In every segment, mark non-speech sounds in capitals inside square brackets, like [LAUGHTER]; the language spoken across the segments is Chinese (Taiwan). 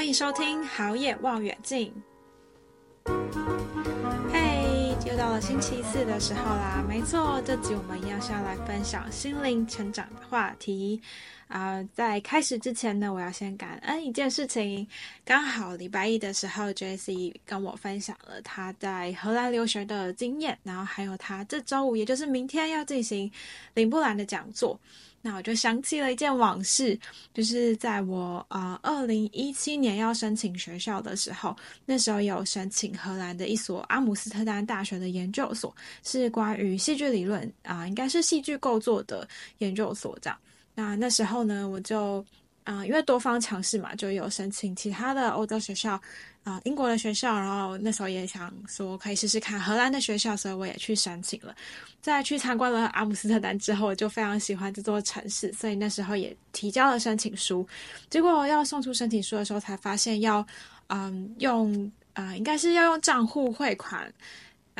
歡迎收聽好野望遠鏡。嘿、hey，又到了星期四的時候啦！沒錯，這集我們要下來分享心靈成長的話題。啊、呃，在開始之前呢，我要先感恩一件事情。剛好禮拜一的時候，JC 跟我分享了他在荷蘭留學的經驗，然後還有他這周五，也就是明天要進行林布蘭的講座。那我就想起了一件往事，就是在我啊二零一七年要申請學校的時候，那時候有申請荷蘭的一所阿姆斯特丹大學的研究所，是關於戲劇理論啊、呃，應該是戲劇構作的研究所這樣。那那時候呢，我就。啊、呃，因為多方嘗試嘛，就有申請其他的歐洲學校，啊、呃，英國的學校，然後那時候也想說可以試試看荷蘭的學校，所以我也去申請了。在去參觀了阿姆斯特丹之後，我就非常喜歡這座城市，所以那時候也提交了申請書。結果要送出申請書的時候，才發現要，嗯，用，啊、呃，應該是要用賬戶匯款。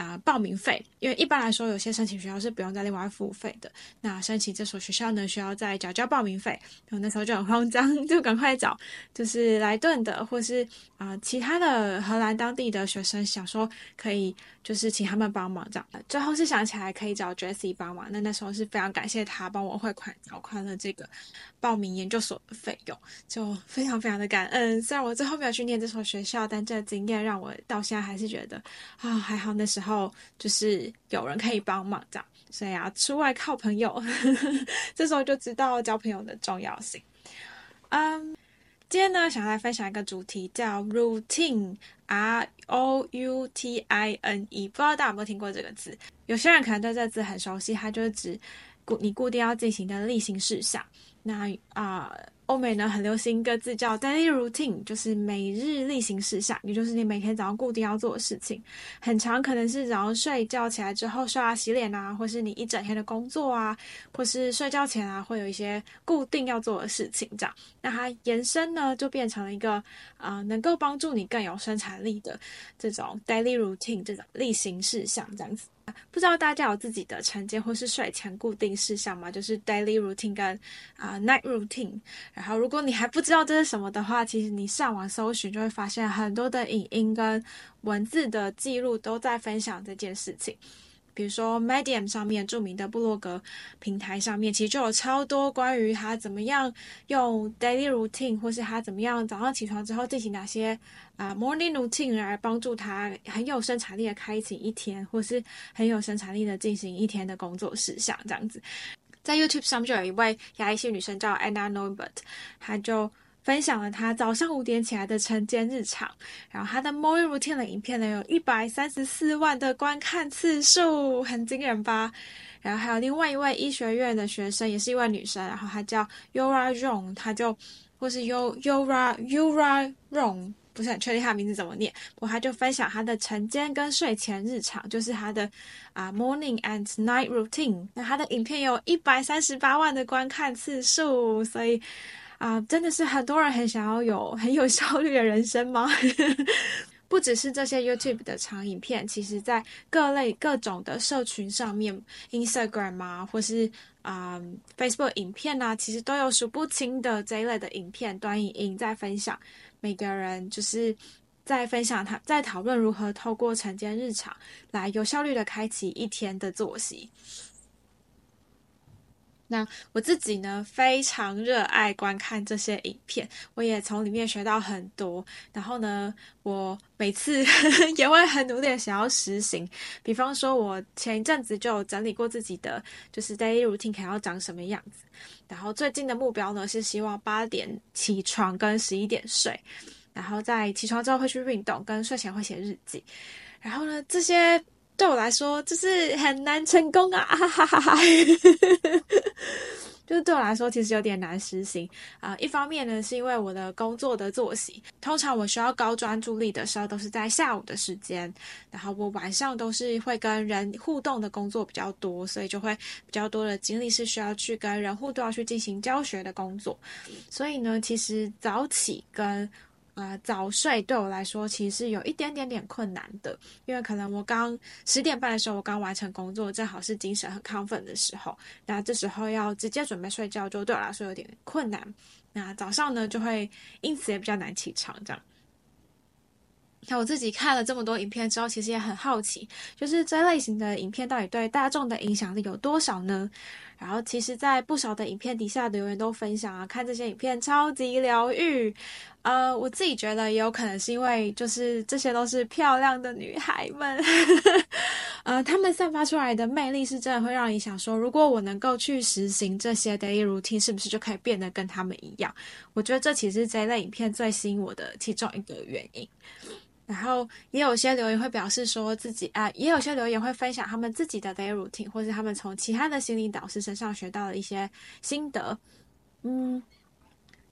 啊、呃，報名費，因為一般來說，有些申請學校是不用再另外付費的。那申請這所學校呢，需要再繳交報名費。那我那時候就很慌張，就趕快找，就是萊頓的，或是啊、呃、其他的荷蘭當地的學生，想說可以就是請他們幫忙這樣。最後是想起來可以找 Jesse 幫忙。那那時候是非常感謝他幫我匯款繳款了這個報名研究所的費用，就非常非常的感恩。嗯、雖然我最後沒有去念這所學校，但這經驗讓我到現在還是覺得啊、哦、還好那時候。然後就是有人可以幫忙，這樣，所以啊，出外靠朋友呵呵。這時候就知道交朋友的重要性。嗯、um，今天呢，想要來分享一個主題，叫 routine，R-O-U-T-I-N-E。不知道大家有沒有聽過這個字？有些人可能對這個字很熟悉，它就是指固你固定要進行的例行事項。那啊。Uh, 歐美呢，很流行一個字叫 daily routine，就是每日例行事項。也就是你每天早上固定要做的事情，很常可能是早上睡覺起來之後刷牙洗臉啊，或是你一整天的工作啊，或是睡覺前啊，會有一些固定要做的事情這樣。那它延伸呢，就變成了一個啊、呃，能夠幫助你更有生產力的這種 daily routine 這種例行事項這樣子。不知道大家有自己的晨間或是睡前固定事項嗎？就是 daily routine 跟啊、呃、night routine。然後，如果你還不知道這是什麼的話，其實你上網搜尋就會發現很多的影音跟文字的記錄都在分享這件事情。比如說，Medium 上面著名的部落格平台上面，其實就有超多關於他怎麼樣用 Daily Routine，或是他怎麼樣早上起床之後進行哪些啊、呃、Morning Routine 來幫助他很有生產力的開啟一天，或是很有生產力的進行一天的工作事項這樣子。在 YouTube 上面就有一位牙醫系女生叫 Anna Noibert，她就。分享了他早上五點起來的晨間日常，然後他的 morning routine 的影片呢，有一百三十四萬的觀看次數，很驚人吧？然後還有另外一位醫學院的學生，也是一位女生，然後她叫 Yura Rong，她就，或是 Yura，Yura Rong，不是很確定她的名字怎麼念，不過她就分享她的晨間跟睡前日常，就是她的啊、uh, morning and night routine，那她的影片有一百三十八萬的觀看次數，所以。啊、uh,，真的是很多人很想要有很有效率的人生嗎？ [LAUGHS] 不只是這些 YouTube 的長影片，其實在各類各種的社群上面，Instagram 啊，或是啊、um, Facebook 影片吶、啊，其實都有數不清的這一類的影片、短影音在分享。每個人就是在分享他、他在討論如何透過晨間日常來有效率的開啟一天的作息。那我自己呢，非常熱愛觀看這些影片，我也從裡面學到很多。然後呢，我每次 [LAUGHS] 也會很努力地想要實行。比方說，我前一陣子就整理過自己的，就是 daily routine 看要長什麼樣子。然後最近的目標呢，是希望八點起床，跟十一點睡。然後在起床之後會去運動，跟睡前會寫日記。然後呢，這些。對我來說，就是很難成功啊！哈哈哈哈，就是對我來說，其實有點難實行啊。呃，一方面呢，是因為我的工作的作息，通常我需要高專注力的時候都是在下午的時間，然後我晚上都是會跟人互動的工作比較多，所以就會比較多的精力是需要去跟人互動、要去進行教學的工作。所以呢，其實早起跟啊，早睡對我來說其實有一點點點困難的，因為可能我剛十點半的時候，我剛完成工作，正好是精神很亢奮的時候，那這時候要直接準備睡覺，就對我來說有點困難。那早上呢，就會因此也比較難起床。這樣，那我自己看了這麼多影片之後，其實也很好奇，就是這類型的影片到底對大眾的影響力有多少呢？然後，其實，在不少的影片底下留言都分享啊，看這些影片超級療癒。呃，我自己覺得也有可能是因為，就是這些都是漂亮的女孩們， [LAUGHS] 呃，她們散發出來的魅力是真的會讓你想說，如果我能夠去實行這些 daily routine，是不是就可以變得跟她們一樣？我覺得這其實這一類影片最吸引我的其中一個原因。然後也有些留言會表示說自己啊，也有些留言會分享他們自己的 daily routine，或是他們從其他的心理導師身上學到的一些心得。嗯，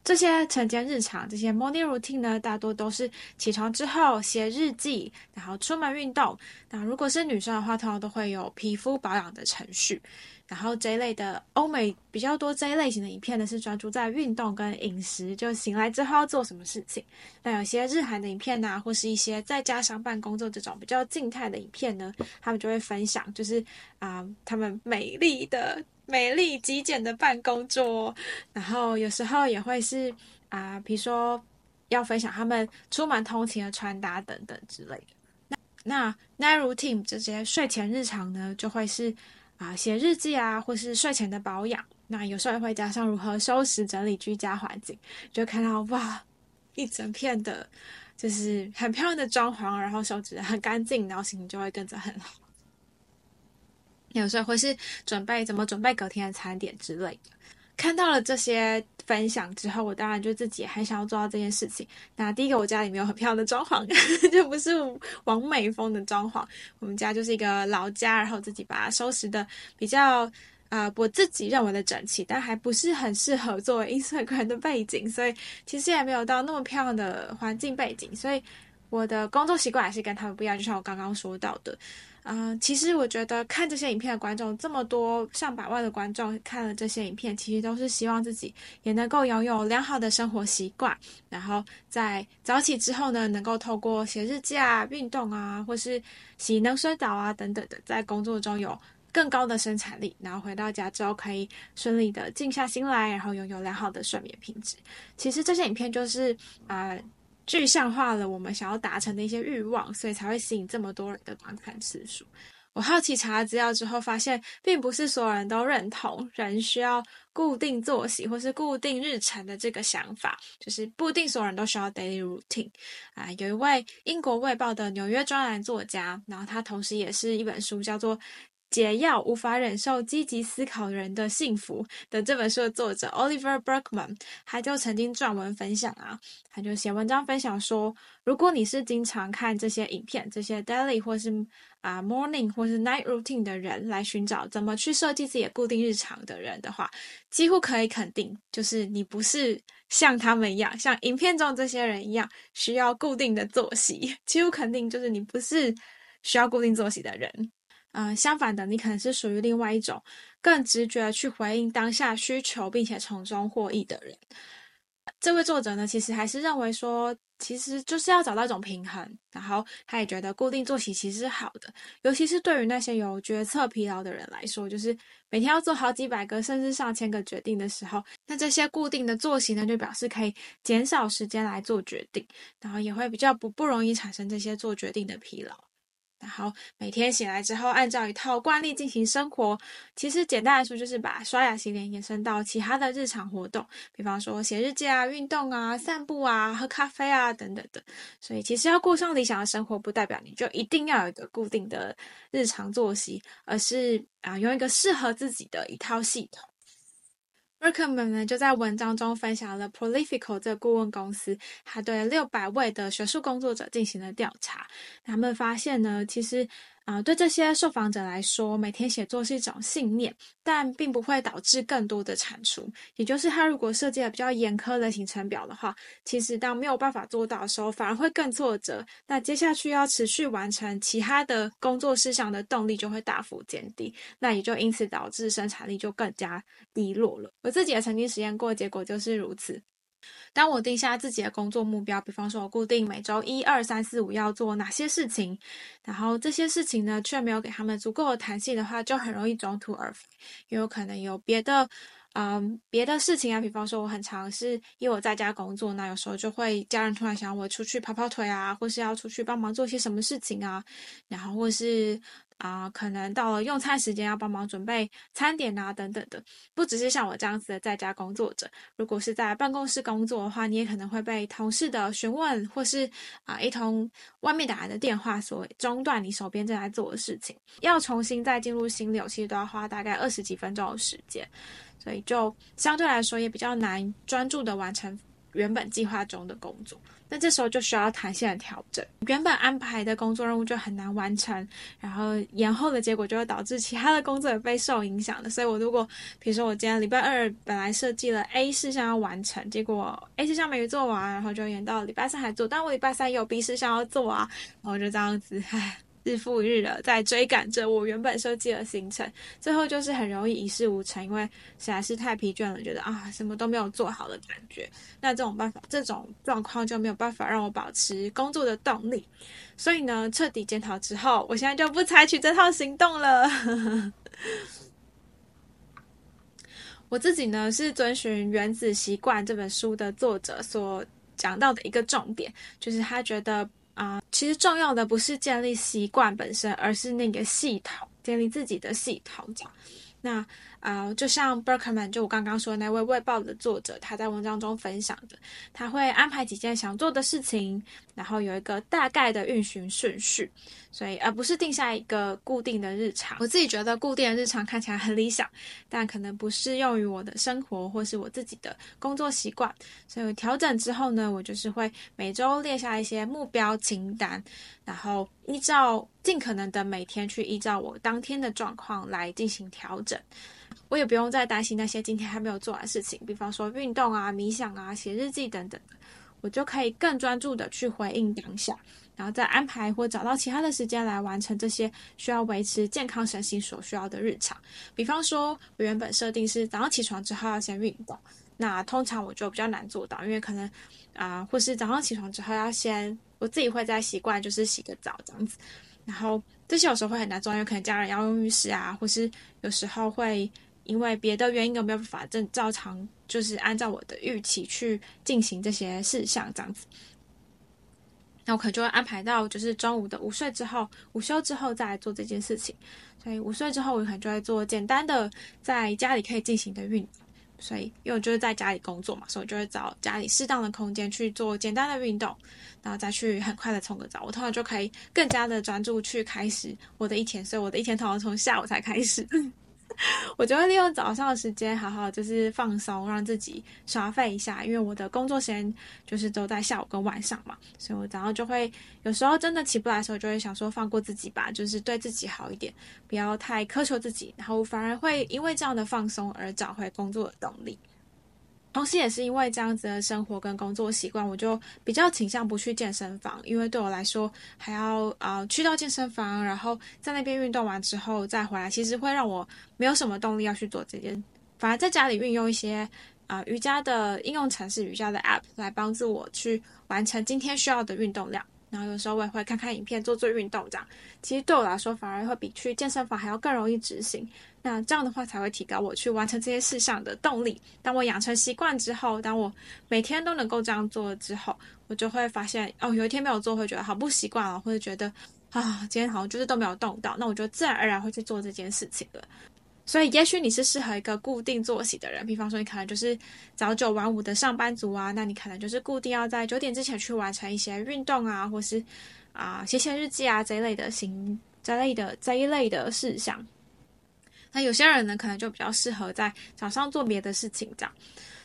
這些晨間日常、這些 morning routine 呢，大多都是起床之後寫日記，然後出門運動。那如果是女生的話，通常都會有皮膚保養的程序。然後這一類的歐美比較多這一類型的影片呢，是專注在運動跟飲食，就醒來之後要做什麼事情。那有些日韓的影片啊，或是一些在家上班工作這種比較靜態的影片呢，他們就會分享，就是啊、呃，他們美麗的、美麗極簡的辦公桌。然後有時候也會是啊、呃，比如說要分享他們出門通勤的穿搭等等之類的。那 Night Routine 這些睡前日常呢，就會是。啊，寫日記啊，或是睡前的保養，那有時候也會加上如何收拾整理居家環境，就看到哇，一整片的，就是很漂亮的裝潢，然後收拾的很乾淨，然後心情就會跟着很好。有時候會是準備怎麼準備隔天的餐點之類的。看到了這些分享之後，我當然就自己很想要做到這件事情。那第一個，我家裡面有很漂亮的裝潢呵呵，就不是王美風的裝潢。我們家就是一個老家，然後自己把它收拾的比較啊、呃，我自己認為的整齊，但還不是很適合作為 ins 的背景，所以其實也沒有到那麼漂亮的環境背景。所以我的工作習慣還是跟他們不一樣，就像我剛剛說到的。嗯、呃，其實我覺得看這些影片的觀眾，這麼多上百萬的觀眾看了這些影片，其實都是希望自己也能夠擁有良好的生活習慣，然後在早起之後呢，能夠透過寫日記啊、運動啊，或是洗冷水澡啊等等的，在工作中有更高的生產力，然後回到家之後可以順利的靜下心來，然後擁有良好的睡眠品質。其實這些影片就是啊。呃具象化了我們想要達成的一些慾望，所以才會吸引這麼多人的觀看次數。我好奇查資料之後發現，並不是所有人都認同人需要固定作息或是固定日程的這個想法，就是不一定所有人都需要 daily routine 啊、呃。有一位英國衛報的紐約專欄作家，然後他同時也是一本書叫做，解藥，無法忍受積極思考人的幸福的這本書的作者 Oliver Burkeman，他就曾經撰文分享啊，他就寫文章分享說，如果你是經常看這些影片、這些 Daily 或是啊 Morning 或是 Night Routine 的人，來尋找怎麼去設計自己固定日常的人的話，幾乎可以肯定，就是你不是像他們一樣，像影片中這些人一樣需要固定的作息，幾乎肯定就是你不是需要固定作息的人。嗯、呃，相反的，你可能是屬於另外一種更直覺去回應當下需求，並且從中獲益的人。這位作者呢，其實還是認為說，其實就是要找到一種平衡。然後他也覺得固定作息其實是好的，尤其是對於那些有決策疲勞的人來說，就是每天要做好幾百個甚至上千個決定的時候，那這些固定的作息呢，就表示可以減少時間來做決定，然後也會比較不不容易產生這些做決定的疲勞。然後每天醒來之後，按照一套慣例進行生活。其實簡單來說，就是把刷牙洗臉延伸到其他的日常活動，比方說寫日記啊、運動啊、散步啊、喝咖啡啊等等等。所以，其實要過上理想的生活，不代表你就一定要有一個固定的日常作息，而是啊，用一個適合自己的一套系統。Burkeman 呢，就在文章中分享了 Prolifico 這個顧問公司，還對六百位的學術工作者進行了調查，他們發現呢，其實。啊、呃，對這些受訪者來說，每天寫作是一種信念，但並不會導致更多的產出。也就是，他如果設計了比較嚴苛的行程表的話，其實當沒有辦法做到的時候，反而會更挫折。那接下去要持續完成其他的工作事項的動力就會大幅減低，那也就因此導致生產力就更加低落了。我自己也曾經實驗過，結果就是如此。當我定下自己的工作目標，比方說我固定每周一、二、三、四、五要做哪些事情，然後這些事情呢卻沒有給他們足夠的彈性的話，就很容易中途而廢。也有可能有別的，嗯，別的事情啊，比方說我很常是因為我在家工作呢，那有時候就會家人突然想我出去跑跑腿啊，或是要出去幫忙做些什麼事情啊，然後或是。啊、呃，可能到了用餐時間要幫忙準備餐點啊，等等的，不只是像我這樣子的在家工作者，如果是在辦公室工作的話，你也可能會被同事的詢問或是啊、呃、一通外面打來的電話所中斷，你手邊正在做的事情，要重新再進入心流，其實都要花大概二十幾分鐘的時間，所以就相對來說也比較難專注的完成原本計劃中的工作。那這時候就需要彈性的調整，原本安排的工作任務就很難完成，然後延後的結果就會導致其他的工作也被受影響了。所以我如果，比如說我今天禮拜二本來設計了 A 事項要完成，結果 A 事項沒有做完，然後就延到禮拜三還做，但我禮拜三也有 B 事項要做啊，然後就這樣子。唉。日復一日的在追趕着我原本設計的行程，最後就是很容易一事無成，因為實在是太疲倦了，覺得啊什麼都沒有做好的感覺。那這種辦法，這種狀況就沒有辦法讓我保持工作的動力。所以呢，徹底檢討之後，我現在就不採取這套行動了。 [LAUGHS] 我自己呢，是遵循《原子習慣》這本書的作者所講到的一個重點，就是他覺得。啊、uh,，其實重要的不是建立習慣本身，而是那個系統，建立自己的系統。這樣那。啊、uh,，就像 Burkeman，就我剛剛說的那位《衛報》的作者，他在文章中分享的，他會安排幾件想做的事情，然後有一個大概的運行順序，所以而不是定下一個固定的日常。我自己覺得固定的日常看起來很理想，但可能不適用於我的生活或是我自己的工作習慣，所以我調整之後呢，我就是會每周列下一些目標清單，然後依照盡可能的每天去依照我當天的狀況來進行調整。我也不用再擔心那些今天還沒有做完的事情，比方說運動啊、冥想啊、寫日記等等的，我就可以更專注的去回應當下，然後再安排或找到其他的時間來完成這些需要維持健康身心所需要的日常。比方說，我原本設定是早上起床之後要先運動，那通常我就比較難做到，因為可能啊、呃，或是早上起床之後要先我自己會在習慣就是洗個澡這樣子，然後這些有時候會很難做，因為可能家人要用浴室啊，或是有時候會。因為別的原因，有沒有法正照常，就是按照我的預期去進行這些事項這樣子。那我可能就會安排到就是中午的午睡之後，午休之後再來做這件事情。所以午睡之後，我可能就會做簡單的在家裡可以進行的運，所以因為我就是在家裡工作嘛，所以我就會找家裡適當的空間去做簡單的運動，然後再去很快的沖個澡。我通常就可以更加的專注去開始我的一天。所以我的一天通常從下午才開始。 [LAUGHS] 我就會利用早上的時間好好就是放鬆，讓自己耍廢一下。因為我的工作時間就是都在下午跟晚上嘛，所以我早上就會有時候真的起不來的時候，就會想說放過自己吧，就是對自己好一點，不要太苛求自己。然後反而會因為這樣的放鬆而找回工作的動力。同時，也是因為這樣子的生活跟工作習慣，我就比較傾向不去健身房。因為對我來說，還要啊、呃、去到健身房，然後在那邊運動完之後再回來，其實會讓我沒有什麼動力要去做這件。反而在家裡運用一些啊、呃、瑜伽的應用程式、瑜伽的 App 來幫助我去完成今天需要的運動量。然後有時候我也會看看影片，做做運動這樣。其實對我來說，反而會比去健身房還要更容易執行。那這樣的話，才會提高我去完成這些事項的動力。當我養成習慣之後，當我每天都能夠這樣做之後，我就會發現，哦，有一天沒有做，會覺得好不習慣哦，或者覺得啊，今天好像就是都沒有動到。那我就自然而然會去做這件事情了。所以，也許你是適合一個固定作息的人，比方說，你可能就是早九晚五的上班族啊，那你可能就是固定要在九點之前去完成一些運動啊，或是啊寫寫日記啊這一類的行這類的這一類的事項。那有些人呢，可能就比較適合在早上做別的事情這樣。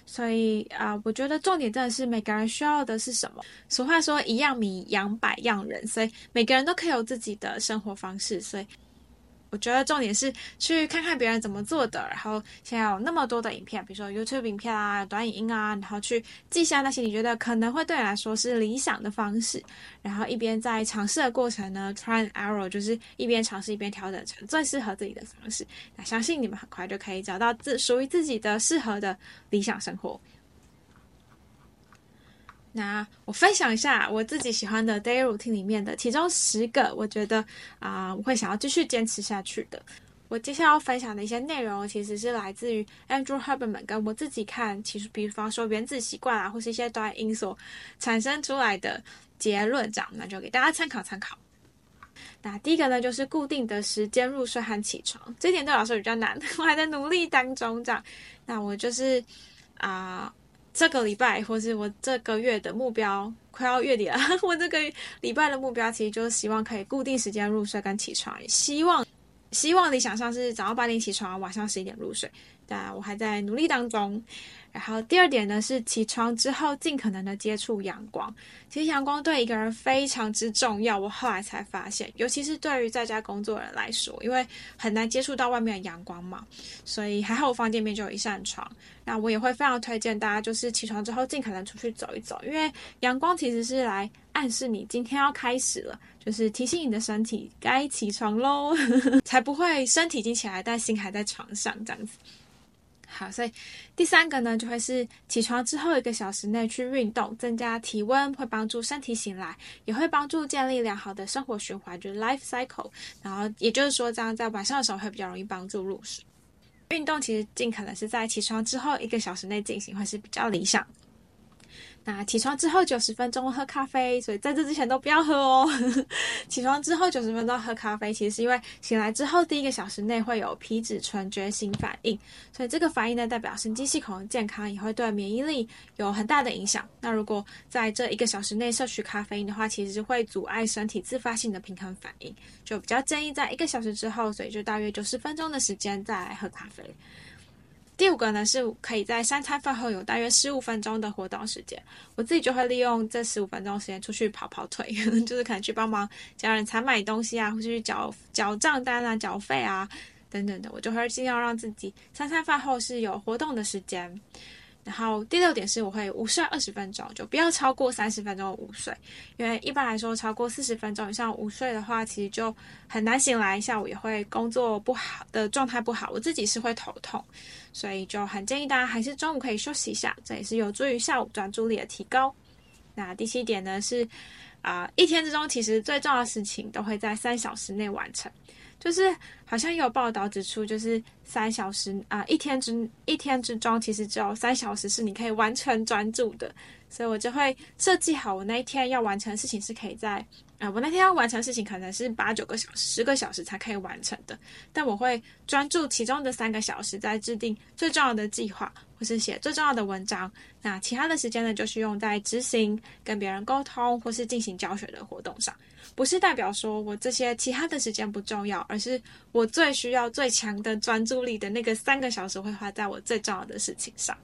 所以啊，呃，我覺得重點真的是每個人需要的是什麼。俗話說，一樣米養百樣人，所以每個人都可以有自己的生活方式。所以。我覺得重點是去看看別人怎麼做的，然後現在有那麼多的影片，比如說 YouTube 影片啊、短影音啊，然後去記下那些你覺得可能會對你來說是理想的方式，然後一邊在嘗試的過程呢，trial and error，就是一邊嘗試一邊調整成最適合自己的方式。那相信你們很快就可以找到自屬於自己的適合的理想生活。那我分享一下我自己喜歡的 daily routine 裡面的其中十個，我覺得啊、呃、我會想要繼續堅持下去的。我接下來要分享的一些內容，其實是來自於 Andrew Huberman 跟我自己看，其實比方說，說原子習慣啊，或是一些 Daily Insights 產生出來的結論這樣，那就給大家參考參考。那第一個呢，就是固定的時間入睡和起床，這點對我來說比較難，我還在努力當中這樣。那我就是啊。呃這個禮拜或是我這個月的目標，快要月底了。我這個禮拜的目標其實就是希望可以固定時間入睡跟起床，希望，希望理想上是早上八點起床，晚上十一點入睡。但我還在努力當中。然後第二點呢，是起床之後盡可能的接觸陽光。其實陽光對一個人非常之重要，我後來才發現，尤其是對於在家工作人來說，因為很難接觸到外面的陽光嘛。所以還好我房間裡面就有一扇窗。那我也會非常推薦大家，就是起床之後盡可能出去走一走，因為陽光其實是來暗示你今天要開始了，就是提醒你的身體該起床嘍， [LAUGHS] 才不會身體已經起來，但心還在床上這樣子。好，所以第三個呢，就會是起床之後一個小時內去運動，增加體溫，會幫助身體醒來，也會幫助建立良好的生活循環，就是 life cycle。然後也就是說，這樣在晚上的時候會比較容易幫助入睡。運動其實盡可能是在起床之後一個小時內進行，會是比較理想。那起床之後九十分鐘喝咖啡，所以在這之前都不要喝哦。 [LAUGHS] 起床之後九十分鐘喝咖啡，其實是因為醒來之後第一個小時內會有皮質醇覺醒反應，所以這個反應呢，代表神經系統的健康，也會對免疫力有很大的影響。那如果在這一個小時內攝取咖啡因的話，其實會阻礙身體自發性的平衡反應，就比較建議在一個小時之後，所以就大約九十分鐘的時間再來喝咖啡。第五個呢，是可以在三餐飯後有大約十五分鐘的活動時間。我自己就會利用這十五分鐘時間出去跑跑腿，就是可能去幫忙家人採買東西啊，或是去繳繳賬單啊、繳費啊等等的。我就會盡量讓自己三餐飯後是有活動的時間。然後第六點是，我會午睡二十分鐘，就不要超過三十分鐘午睡，因為一般來說超過四十分鐘以上午睡的話，其實就很難醒來，下午也會工作不好的狀態不好。我自己是會頭痛，所以就很建議大家還是中午可以休息一下，這也是有助於下午專注力的提高。那第七點呢是，啊、呃，一天之中其實最重要的事情都會在三小時內完成。就是好像有報道指出，就是三小時啊、呃，一天之一天之中，其實只有三小時是你可以完成專注的。所以我就會設計好我那一天要完成的事情是可以在啊、呃，我那天要完成事情可能是八九個小時、十個小時才可以完成的。但我會專注其中的三個小時，在制定最重要的計劃或是寫最重要的文章。那其他的時間呢，就是用在執行、跟別人溝通或是進行教學的活動上。不是代表說我這些其他的時間不重要，而是我最需要、最強的專注力的那個三個小時會花在我最重要的事情上。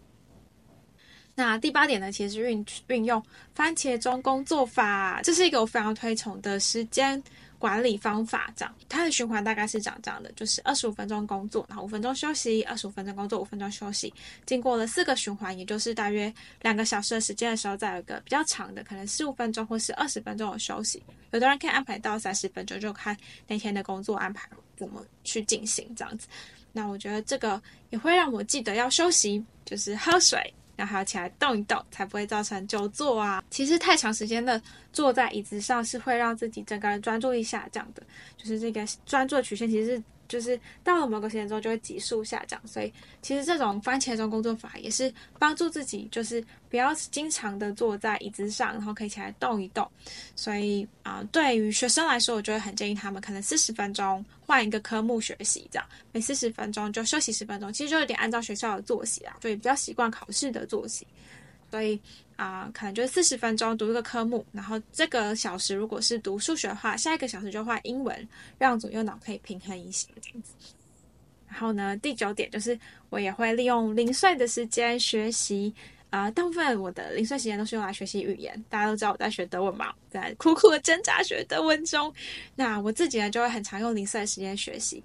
那第八點呢，其實是運運用番茄鐘工作法，這是一個我非常推崇的時間管理方法，這樣它的循環大概是長這樣的，就是二十五分鐘工作，然後五分鐘休息，二十五分鐘工作，五分鐘休息，經過了四個循環，也就是大約兩個小時的時間的時候，再有一個比較長的，可能十五分鐘或是二十分鐘的休息。有的人可以安排到三十分鐘，就看那天的工作安排怎麼去進行這樣子。那我覺得這個也會讓我記得要休息，就是喝水。然後還要起來動一動，才不會造成久坐啊。其實太長時間的坐在椅子上是會讓自己整個人專注力下降的，就是這個專注曲線其實是。就是到了某個時間之後就會急速下降，所以其實這種番茄鐘工作法也是幫助自己，就是不要經常的坐在椅子上，然後可以起來動一動。所以啊、呃，對於學生來說，我就會很建議他們，可能四十分鐘換一個科目學習這樣，每四十分鐘就休息十分鐘，其實就有點按照學校的作息啊，所以比較習慣考試的作息。所以啊、呃，可能就是四十分鐘讀一個科目，然後這個小時如果是讀數學的話，下一個小時就換英文，讓左右腦可以平衡一些。然後呢，第九點就是我也會利用零碎的時間學習啊、呃，大部分我的零碎時間都是用來學習語言。大家都知道我在學德文嘛，在苦苦的掙扎學德文中，那我自己呢就會很常用零碎的時間學習。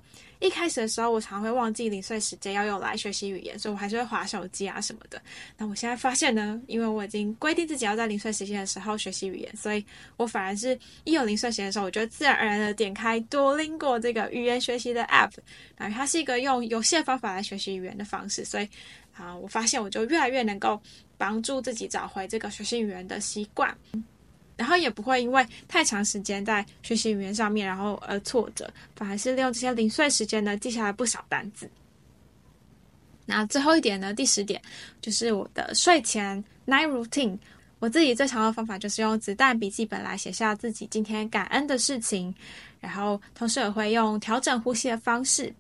一開始的時候，我常會忘記零碎時間要用來學習語言，所以我還是會滑手機啊什麼的。那我現在發現呢，因為我已經規定自己要在零碎時間的時候學習語言，所以我反而是，一有零碎時間的時候，我就自然而然的點開 Duolingo 這個語言學習的 app。然後它是一個用遊戲的方法來學習語言的方式，所以啊、呃，我發現我就越來越能夠幫助自己找回這個學習語言的習慣。然後也不會因為太長時間在學習語言上面，然後而挫折，反而是利用這些零碎時間呢，記下來不少單詞。那最後一點呢，第十點就是我的睡前 night routine。我自己最常用的方法就是用子彈筆記本來寫下自己今天感恩的事情，然後同時也會用調整呼吸的方式。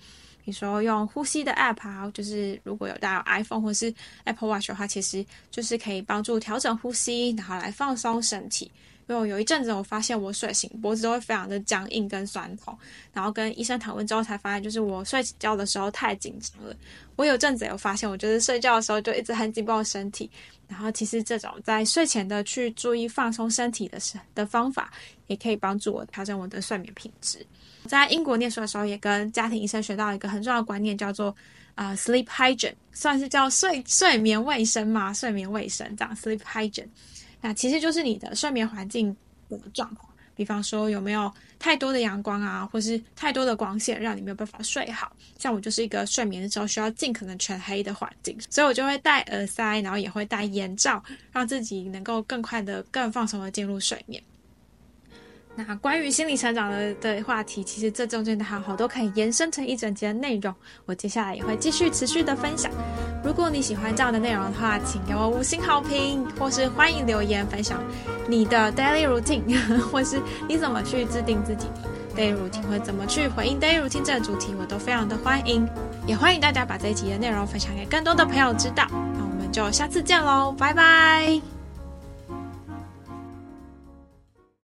你說用呼吸的 app 啊，就是如果有帶有 iPhone 或是 Apple Watch 的話，其實就是可以幫助調整呼吸，然後來放鬆身體。因為我有一陣子我發現我睡醒脖子都會非常的僵硬跟酸痛，然後跟醫生討論之後才發現，就是我睡起覺的時候太緊張了。我有陣子有發現，我就是睡覺的時候就一直很緊繃身體，然後其實這種在睡前的去注意放鬆身體的時的方法，也可以幫助我調整我的睡眠品質。在英國念書的時候，也跟家庭醫生學到一個很重要的觀念，叫做啊、呃、sleep hygiene，算是叫睡睡眠衛生嘛，睡眠衛生，這樣 sleep hygiene。那其實就是你的睡眠環境的狀況，比方說有沒有太多的陽光啊，或是太多的光線讓你沒有辦法睡好。像我就是一個睡眠的時候需要盡可能全黑的環境，所以我就會戴耳塞，然後也會戴眼罩，讓自己能夠更快的、更放鬆的進入睡眠。那關於心理成長的的話題，其實這中間還有好多可以延伸成一整集的內容，我接下來也會繼續持續的分享。如果你喜歡這樣的內容的話，請給我五星好評，或是歡迎留言分享你的 daily routine，或是你怎麼去制定自己的 daily routine，或怎麼去回應 daily routine 這個主題，我都非常的歡迎，也歡迎大家把這一集的內容分享給更多的朋友知道。那我們就下次見嘍，拜拜。